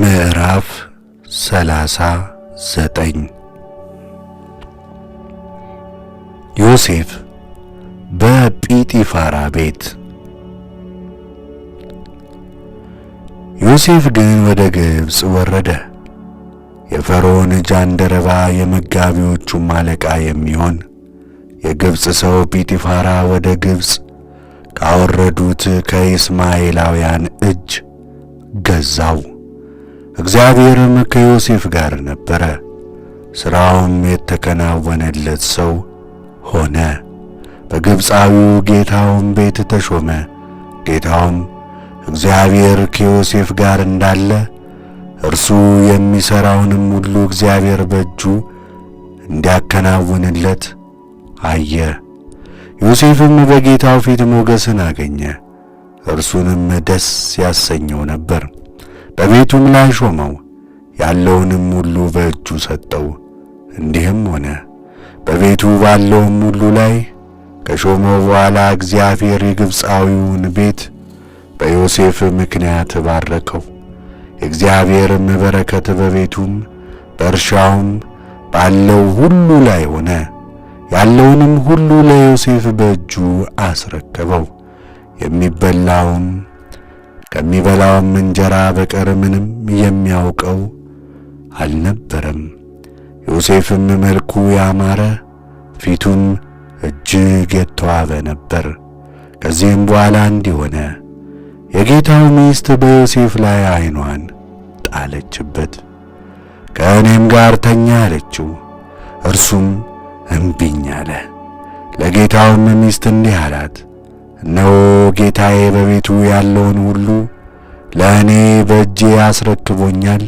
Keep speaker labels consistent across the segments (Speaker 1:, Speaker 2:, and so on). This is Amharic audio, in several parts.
Speaker 1: ምዕራፍ ሰላሳ ዘጠኝ ዮሴፍ በጲጢፋራ ቤት። ዮሴፍ ግን ወደ ግብፅ ወረደ። የፈርዖን ጃንደረባ የመጋቢዎቹም አለቃ የሚሆን የግብፅ ሰው ጲጢፋራ ወደ ግብፅ ካወረዱት ከኢስማኤላውያን እጅ ገዛው። እግዚአብሔርም ከዮሴፍ ጋር ነበረ፣ ሥራውም የተከናወነለት ሰው ሆነ። በግብፃዊው ጌታውም ቤት ተሾመ። ጌታውም እግዚአብሔር ከዮሴፍ ጋር እንዳለ እርሱ የሚሠራውንም ሁሉ እግዚአብሔር በእጁ እንዲያከናውንለት አየ። ዮሴፍም በጌታው ፊት ሞገስን አገኘ፣ እርሱንም ደስ ያሰኘው ነበር። በቤቱም ላይ ሾመው፣ ያለውንም ሁሉ በእጁ ሰጠው። እንዲህም ሆነ በቤቱ ባለውም ሁሉ ላይ ከሾመው በኋላ እግዚአብሔር የግብፃዊውን ቤት በዮሴፍ ምክንያት ባረከው። የእግዚአብሔርም በረከት በቤቱም በእርሻውም ባለው ሁሉ ላይ ሆነ። ያለውንም ሁሉ ለዮሴፍ በእጁ አስረከበው። የሚበላውን ከሚበላውም እንጀራ በቀር ምንም የሚያውቀው አልነበረም። ዮሴፍም መልኩ ያማረ ፊቱም እጅግ የተዋበ ነበር። ከዚህም በኋላ እንዲሆነ ሆነ፣ የጌታው ሚስት በዮሴፍ ላይ ዓይኗን ጣለችበት። ከእኔም ጋር ተኛ አለችው። እርሱም እምቢኝ አለ። ለጌታውም ሚስት እንዲህ አላት እነሆ ጌታዬ በቤቱ ያለውን ሁሉ ለእኔ በእጄ አስረክቦኛል።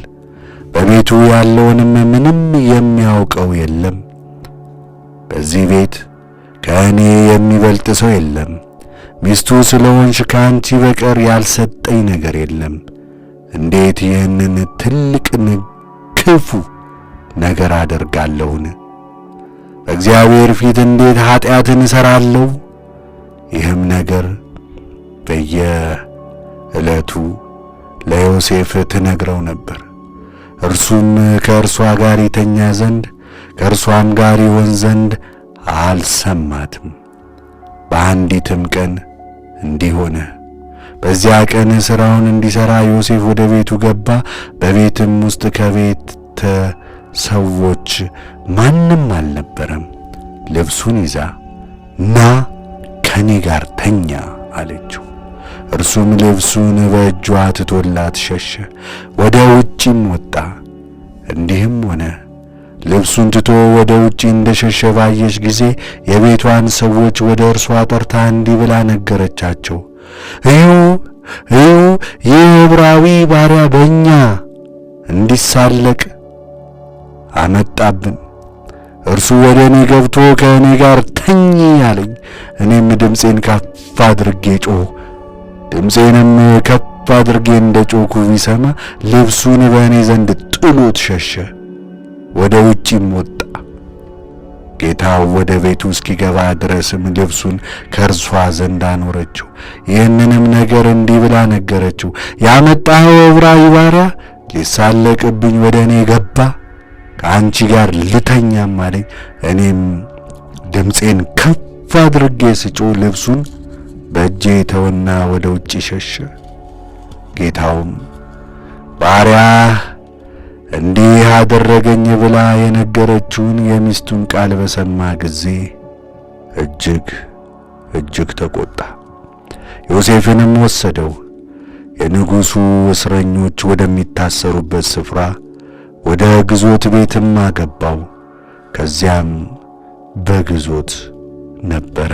Speaker 1: በቤቱ ያለውንም ምንም የሚያውቀው የለም። በዚህ ቤት ከእኔ የሚበልጥ ሰው የለም። ሚስቱ ስለ ከአንቺ በቀር ያልሰጠኝ ነገር የለም። እንዴት ይህንን ትልቅ ክፉ ነገር አደርጋለሁን? በእግዚአብሔር ፊት እንዴት ኀጢአትን እሠራለሁ? ይህም ነገር በየዕለቱ ለዮሴፍ ትነግረው ነበር። እርሱም ከእርሷ ጋር ይተኛ ዘንድ ከእርሷም ጋር ይሆን ዘንድ አልሰማትም። በአንዲትም ቀን እንዲህ ሆነ። በዚያ ቀን ሥራውን እንዲሠራ ዮሴፍ ወደ ቤቱ ገባ። በቤትም ውስጥ ከቤተ ሰዎች ማንም አልነበረም። ልብሱን ይዛ ና ከኔ ጋር ተኛ አለችው። እርሱም ልብሱን በእጇ ትቶላት ሸሸ፣ ወደ ውጪም ወጣ። እንዲህም ሆነ ልብሱን ትቶ ወደ ውጪ እንደ ሸሸ ባየች ጊዜ የቤቷን ሰዎች ወደ እርሷ ጠርታ እንዲህ ብላ ነገረቻቸው። እዩ እዩ፣ ይህ ዕብራዊ ባሪያ በእኛ እንዲሳለቅ አመጣብን። እርሱ ወደ እኔ ገብቶ ከእኔ ጋር ተኝ አለኝ። እኔም ድምፄን ከፍ አድርጌ ጮሁ። ድምፄንም ከፍ አድርጌ እንደ ጮኩ ቢሰማ ልብሱን በእኔ ዘንድ ጥሎት ሸሸ፣ ወደ ውጪም ወጣ። ጌታው ወደ ቤቱ እስኪገባ ድረስም ልብሱን ከእርሷ ዘንድ አኖረችው። ይህንንም ነገር እንዲህ ብላ ነገረችው፣ ያመጣኸው ዕብራዊ ባሪያ ሊሳለቅብኝ ወደ እኔ ገባ፣ ከአንቺ ጋር ልተኛም አለኝ። እኔም ድምፄን ከፍ አድርጌ ስጮ ልብሱን በእጄ ተወና ወደ ውጭ ሸሸ። ጌታውም ባሪያ እንዲህ አደረገኝ ብላ የነገረችውን የሚስቱን ቃል በሰማ ጊዜ እጅግ እጅግ ተቆጣ። ዮሴፍንም ወሰደው የንጉሡ እስረኞች ወደሚታሰሩበት ስፍራ ወደ ግዞት ቤትም አገባው። ከዚያም በግዞት ነበረ።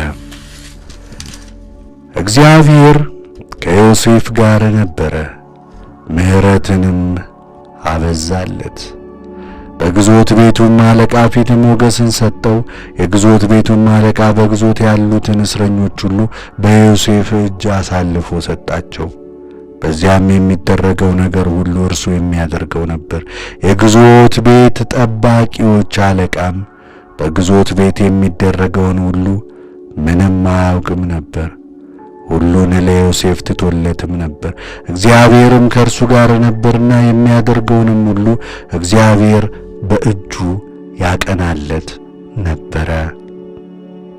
Speaker 1: እግዚአብሔር ከዮሴፍ ጋር ነበረ፣ ምሕረትንም አበዛለት። በግዞት ቤቱም አለቃ ፊት ሞገስን ሰጠው። የግዞት ቤቱም አለቃ በግዞት ያሉትን እስረኞች ሁሉ በዮሴፍ እጅ አሳልፎ ሰጣቸው። በዚያም የሚደረገው ነገር ሁሉ እርሱ የሚያደርገው ነበር። የግዞት ቤት ጠባቂዎች አለቃም በግዞት ቤት የሚደረገውን ሁሉ ምንም አያውቅም ነበር። ሁሉን ለዮሴፍ ትቶለትም ነበር። እግዚአብሔርም ከእርሱ ጋር ነበርና የሚያደርገውንም ሁሉ እግዚአብሔር በእጁ ያቀናለት ነበረ።